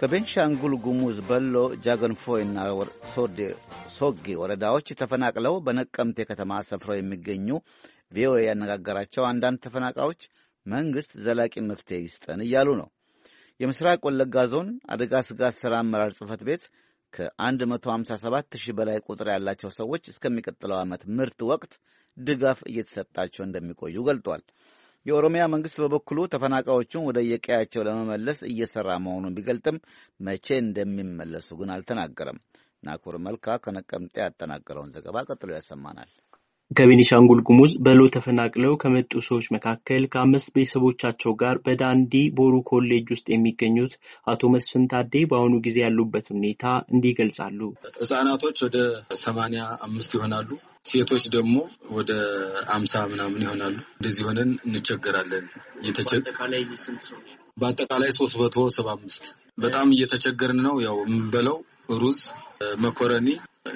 ከቤንሻንጉል ጉሙዝ በሎ ጃገንፎይና ሶጌ ወረዳዎች ተፈናቅለው በነቀምቴ ከተማ ሰፍረው የሚገኙ ቪኦኤ ያነጋገራቸው አንዳንድ ተፈናቃዮች መንግሥት ዘላቂ መፍትሄ ይስጠን እያሉ ነው። የምስራቅ ወለጋ ዞን አደጋ ስጋት ሥራ አመራር ጽሕፈት ቤት ከ157 ሺህ በላይ ቁጥር ያላቸው ሰዎች እስከሚቀጥለው ዓመት ምርት ወቅት ድጋፍ እየተሰጣቸው እንደሚቆዩ ገልጧል። የኦሮሚያ መንግስት በበኩሉ ተፈናቃዮቹን ወደ የቀያቸው ለመመለስ እየሰራ መሆኑን ቢገልጥም መቼ እንደሚመለሱ ግን አልተናገረም። ናኩር መልካ ከነቀምጤ ያጠናቀረውን ዘገባ ቀጥሎ ያሰማናል። ከቤኒሻንጉል ጉሙዝ በሎ ተፈናቅለው ከመጡ ሰዎች መካከል ከአምስት ቤተሰቦቻቸው ጋር በዳንዲ ቦሩ ኮሌጅ ውስጥ የሚገኙት አቶ መስፍን ታዴ በአሁኑ ጊዜ ያሉበት ሁኔታ እንዲህ ይገልጻሉ። ህጻናቶች ወደ ሰማንያ አምስት ይሆናሉ። ሴቶች ደግሞ ወደ አምሳ ምናምን ይሆናሉ። እንደዚህ ሆነን እንቸገራለን። በአጠቃላይ ሶስት መቶ ሰባ አምስት በጣም እየተቸገርን ነው። ያው የምንበለው ሩዝ፣ መኮረኒ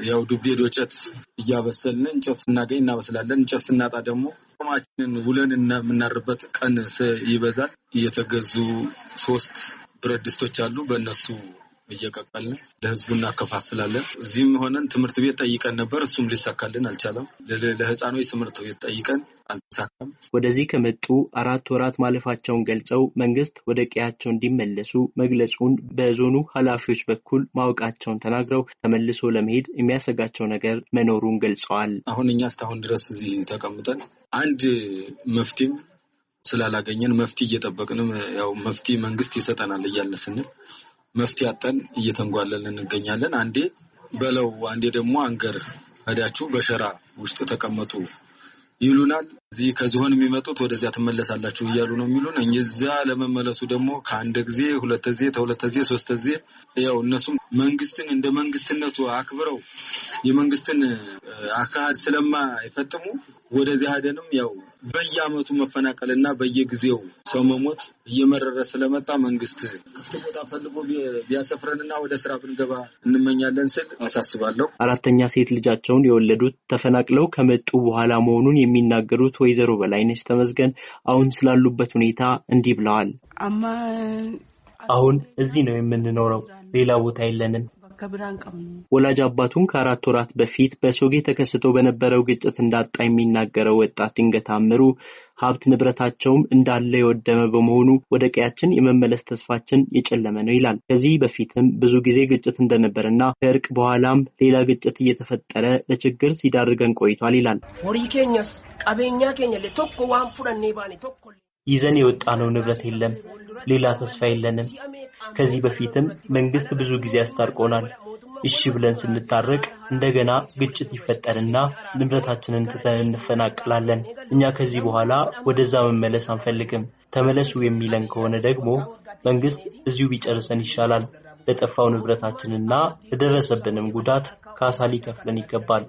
ያው ዱቤድ ወጨት እያበሰልን እንጨት ስናገኝ እናበስላለን። እንጨት ስናጣ ደግሞ ቆማችንን ውለን የምናርበት ቀን ይበዛል። እየተገዙ ሶስት ብረት ድስቶች አሉ። በእነሱ እየቀቀልን ለህዝቡ እናከፋፍላለን። እዚህም ሆነን ትምህርት ቤት ጠይቀን ነበር፣ እሱም ሊሳካልን አልቻለም። ለህፃኖች ትምህርት ቤት ጠይቀን አልተሳካም። ወደዚህ ከመጡ አራት ወራት ማለፋቸውን ገልጸው መንግስት ወደ ቀያቸው እንዲመለሱ መግለጹን በዞኑ ኃላፊዎች በኩል ማወቃቸውን ተናግረው ተመልሶ ለመሄድ የሚያሰጋቸው ነገር መኖሩን ገልጸዋል። አሁን እኛ እስካሁን ድረስ እዚህ ተቀምጠን አንድ መፍትሄም ስላላገኘን መፍትሄ እየጠበቅንም ያው መፍትሄ መንግስት ይሰጠናል እያለ ስንል መፍትሄ አጠን እየተንጓለን እንገኛለን። አንዴ በለው አንዴ ደግሞ አንገር ሄዳችሁ በሸራ ውስጥ ተቀመጡ ይሉናል። እዚህ ከዝሆን የሚመጡት ወደዚያ ትመለሳላችሁ እያሉ ነው የሚሉን። እዚያ ለመመለሱ ደግሞ ከአንድ ጊዜ ሁለት ጊዜ ተሁለት ጊዜ ሶስት ጊዜ ያው እነሱም መንግስትን እንደ መንግስትነቱ አክብረው የመንግስትን አካሄድ ስለማይፈጥሙ ወደዚህ ሄደንም ያው በየአመቱ መፈናቀል እና በየጊዜው ሰው መሞት እየመረረ ስለመጣ መንግስት ክፍት ቦታ ፈልጎ ቢያሰፍረንና ወደ ስራ ብንገባ እንመኛለን ስል አሳስባለሁ። አራተኛ ሴት ልጃቸውን የወለዱት ተፈናቅለው ከመጡ በኋላ መሆኑን የሚናገሩት ወይዘሮ በላይነች ተመዝገን አሁን ስላሉበት ሁኔታ እንዲህ ብለዋል። አሁን እዚህ ነው የምንኖረው፣ ሌላ ቦታ የለንም። ወላጅ አባቱን ከአራት ወራት በፊት በሶጌ ተከስቶ በነበረው ግጭት እንዳጣ የሚናገረው ወጣት ድንገት አምሩ ሀብት ንብረታቸውም እንዳለ የወደመ በመሆኑ ወደ ቀያችን የመመለስ ተስፋችን የጨለመ ነው ይላል። ከዚህ በፊትም ብዙ ጊዜ ግጭት እንደነበርና ከእርቅ በኋላም ሌላ ግጭት እየተፈጠረ ለችግር ሲዳርገን ቆይቷል ይላል። ይዘን የወጣነው ንብረት የለም፣ ሌላ ተስፋ የለንም። ከዚህ በፊትም መንግስት ብዙ ጊዜ ያስታርቆናል። እሺ ብለን ስንታረቅ እንደገና ግጭት ይፈጠርና ንብረታችንን ትተን እንፈናቀላለን። እኛ ከዚህ በኋላ ወደዛ መመለስ አንፈልግም። ተመለሱ የሚለን ከሆነ ደግሞ መንግስት እዚሁ ቢጨርሰን ይሻላል። ለጠፋው ንብረታችንና ለደረሰብንም ጉዳት ካሳ ሊከፍለን ይገባል።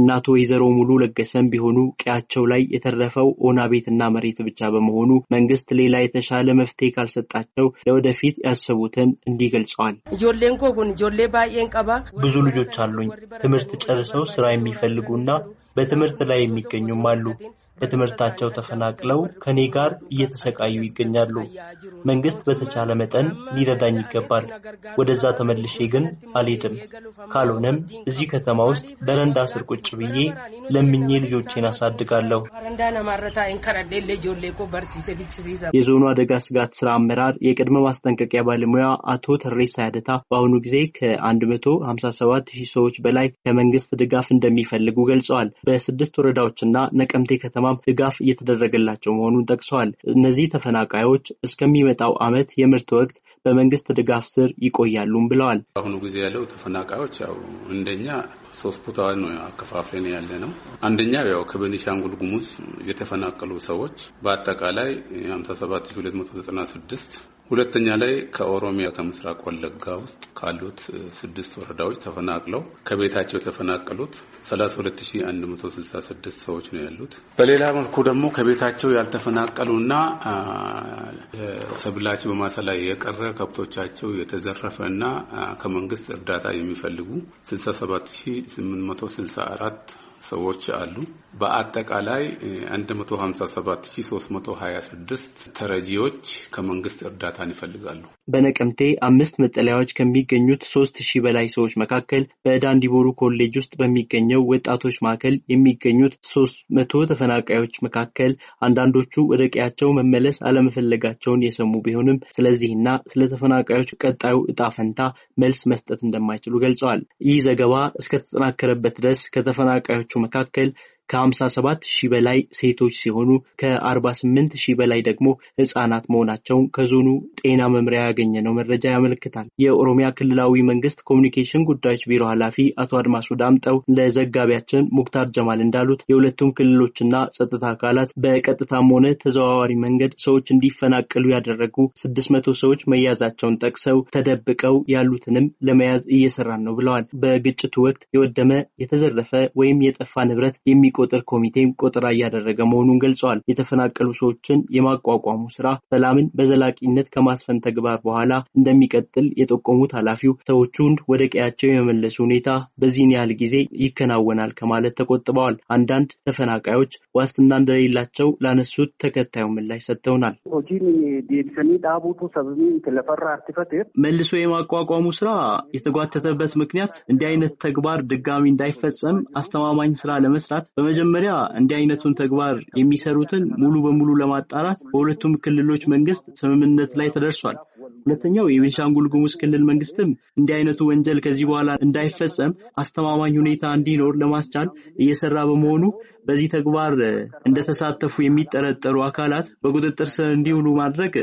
እናቶ ወይዘሮ ሙሉ ለገሰም ቢሆኑ ቀያቸው ላይ የተረፈው ኦና ቤትና መሬት ብቻ በመሆኑ መንግስት ሌላ የተሻለ መፍትሄ ካልሰጣቸው ለወደፊት ያሰቡትን እንዲህ ገልጸዋል። ብዙ ልጆች አሉኝ። ትምህርት ጨርሰው ስራ የሚፈልጉና በትምህርት ላይ የሚገኙም አሉ። በትምህርታቸው ተፈናቅለው ከኔ ጋር እየተሰቃዩ ይገኛሉ። መንግስት በተቻለ መጠን ሊረዳኝ ይገባል። ወደዛ ተመልሼ ግን አልሄድም። ካልሆነም እዚህ ከተማ ውስጥ በረንዳ ስር ቁጭ ብዬ ለምኜ ልጆቼን አሳድጋለሁ። የዞኑ አደጋ ስጋት ስራ አመራር የቅድመ ማስጠንቀቂያ ባለሙያ አቶ ተሬሳ ያደታ በአሁኑ ጊዜ ከ157 ሺህ ሰዎች በላይ ከመንግስት ድጋፍ እንደሚፈልጉ ገልጸዋል። በስድስት ወረዳዎችና ነቀምቴ ከተማ ፓርላማም ድጋፍ እየተደረገላቸው መሆኑን ጠቅሰዋል። እነዚህ ተፈናቃዮች እስከሚመጣው ዓመት የምርት ወቅት በመንግስት ድጋፍ ስር ይቆያሉም ብለዋል። በአሁኑ ጊዜ ያለው ተፈናቃዮች ያው እንደኛ ሶስት ቦታ ነው አከፋፍለን ያለ ነው። አንደኛው ያው ከቤኒሻንጉል ጉሙዝ የተፈናቀሉ ሰዎች በአጠቃላይ 57296 ሁለተኛ ላይ ከኦሮሚያ ከምስራቅ ወለጋ ውስጥ ካሉት ስድስት ወረዳዎች ተፈናቅለው ከቤታቸው የተፈናቀሉት 32166 ሰዎች ነው ያሉት። በሌላ መልኩ ደግሞ ከቤታቸው ያልተፈናቀሉና ሰብላቸው በማሳ ላይ የቀረ ከብቶቻቸው የተዘረፈና ከመንግስት እርዳታ የሚፈልጉ 67864 ሰዎች አሉ። በአጠቃላይ 157326 ተረጂዎች ከመንግስት እርዳታን ይፈልጋሉ። በነቀምቴ አምስት መጠለያዎች ከሚገኙት ሶስት ሺህ በላይ ሰዎች መካከል በዳንዲቦሩ ኮሌጅ ውስጥ በሚገኘው ወጣቶች ማዕከል የሚገኙት ሶስት መቶ ተፈናቃዮች መካከል አንዳንዶቹ ወደ ቀያቸው መመለስ አለመፈለጋቸውን የሰሙ ቢሆንም ስለዚህና ስለ ተፈናቃዮች ቀጣዩ እጣ ፈንታ መልስ መስጠት እንደማይችሉ ገልጸዋል። ይህ ዘገባ እስከተጠናከረበት ድረስ ከተፈናቃዮች ĉu matakaj ከ57 ሺህ በላይ ሴቶች ሲሆኑ ከ48 ሺህ በላይ ደግሞ ህጻናት መሆናቸውን ከዞኑ ጤና መምሪያ ያገኘነው መረጃ ያመለክታል። የኦሮሚያ ክልላዊ መንግስት ኮሚኒኬሽን ጉዳዮች ቢሮ ኃላፊ አቶ አድማሱ ዳምጠው ለዘጋቢያችን ሙክታር ጀማል እንዳሉት የሁለቱም ክልሎችና ጸጥታ አካላት በቀጥታም ሆነ ተዘዋዋሪ መንገድ ሰዎች እንዲፈናቀሉ ያደረጉ 600 ሰዎች መያዛቸውን ጠቅሰው ተደብቀው ያሉትንም ለመያዝ እየሰራን ነው ብለዋል። በግጭቱ ወቅት የወደመ የተዘረፈ ወይም የጠፋ ንብረት የሚቆ የሚቆጥር ኮሚቴም ቆጠራ እያደረገ መሆኑን ገልጸዋል። የተፈናቀሉ ሰዎችን የማቋቋሙ ስራ ሰላምን በዘላቂነት ከማስፈን ተግባር በኋላ እንደሚቀጥል የጠቆሙት ኃላፊው ሰዎቹን ወደ ቀያቸው የመመለሱ ሁኔታ በዚህን ያህል ጊዜ ይከናወናል ከማለት ተቆጥበዋል። አንዳንድ ተፈናቃዮች ዋስትና እንደሌላቸው ላነሱት ተከታዩ ምላሽ ሰጥተውናል። መልሶ የማቋቋሙ ስራ የተጓተተበት ምክንያት እንዲህ አይነት ተግባር ድጋሚ እንዳይፈጸም አስተማማኝ ስራ ለመስራት በመጀመሪያ እንዲህ አይነቱን ተግባር የሚሰሩትን ሙሉ በሙሉ ለማጣራት በሁለቱም ክልሎች መንግስት ስምምነት ላይ ተደርሷል። ሁለተኛው የቤንሻንጉል ጉሙዝ ክልል መንግስትም እንዲህ አይነቱ ወንጀል ከዚህ በኋላ እንዳይፈጸም አስተማማኝ ሁኔታ እንዲኖር ለማስቻል እየሰራ በመሆኑ በዚህ ተግባር እንደተሳተፉ የሚጠረጠሩ አካላት በቁጥጥር ስር እንዲውሉ ማድረግ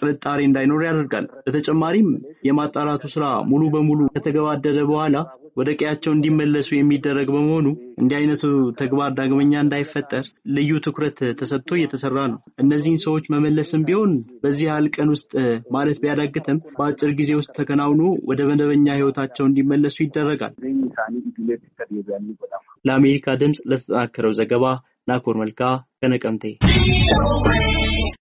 ጥርጣሬ እንዳይኖር ያደርጋል። በተጨማሪም የማጣራቱ ስራ ሙሉ በሙሉ ከተገባደደ በኋላ ወደ ቀያቸው እንዲመለሱ የሚደረግ በመሆኑ እንዲህ አይነቱ ተግባር ዳግመኛ እንዳይፈጠር ልዩ ትኩረት ተሰጥቶ እየተሰራ ነው። እነዚህን ሰዎች መመለስም ቢሆን በዚህ ያህል ቀን ውስጥ ማለት ቢያዳግትም በአጭር ጊዜ ውስጥ ተከናውኖ ወደ መደበኛ ህይወታቸው እንዲመለሱ ይደረጋል። ለአሜሪካ ድምፅ ለተጠናከረው ዘገባ ናኮር መልካ ከነቀምቴ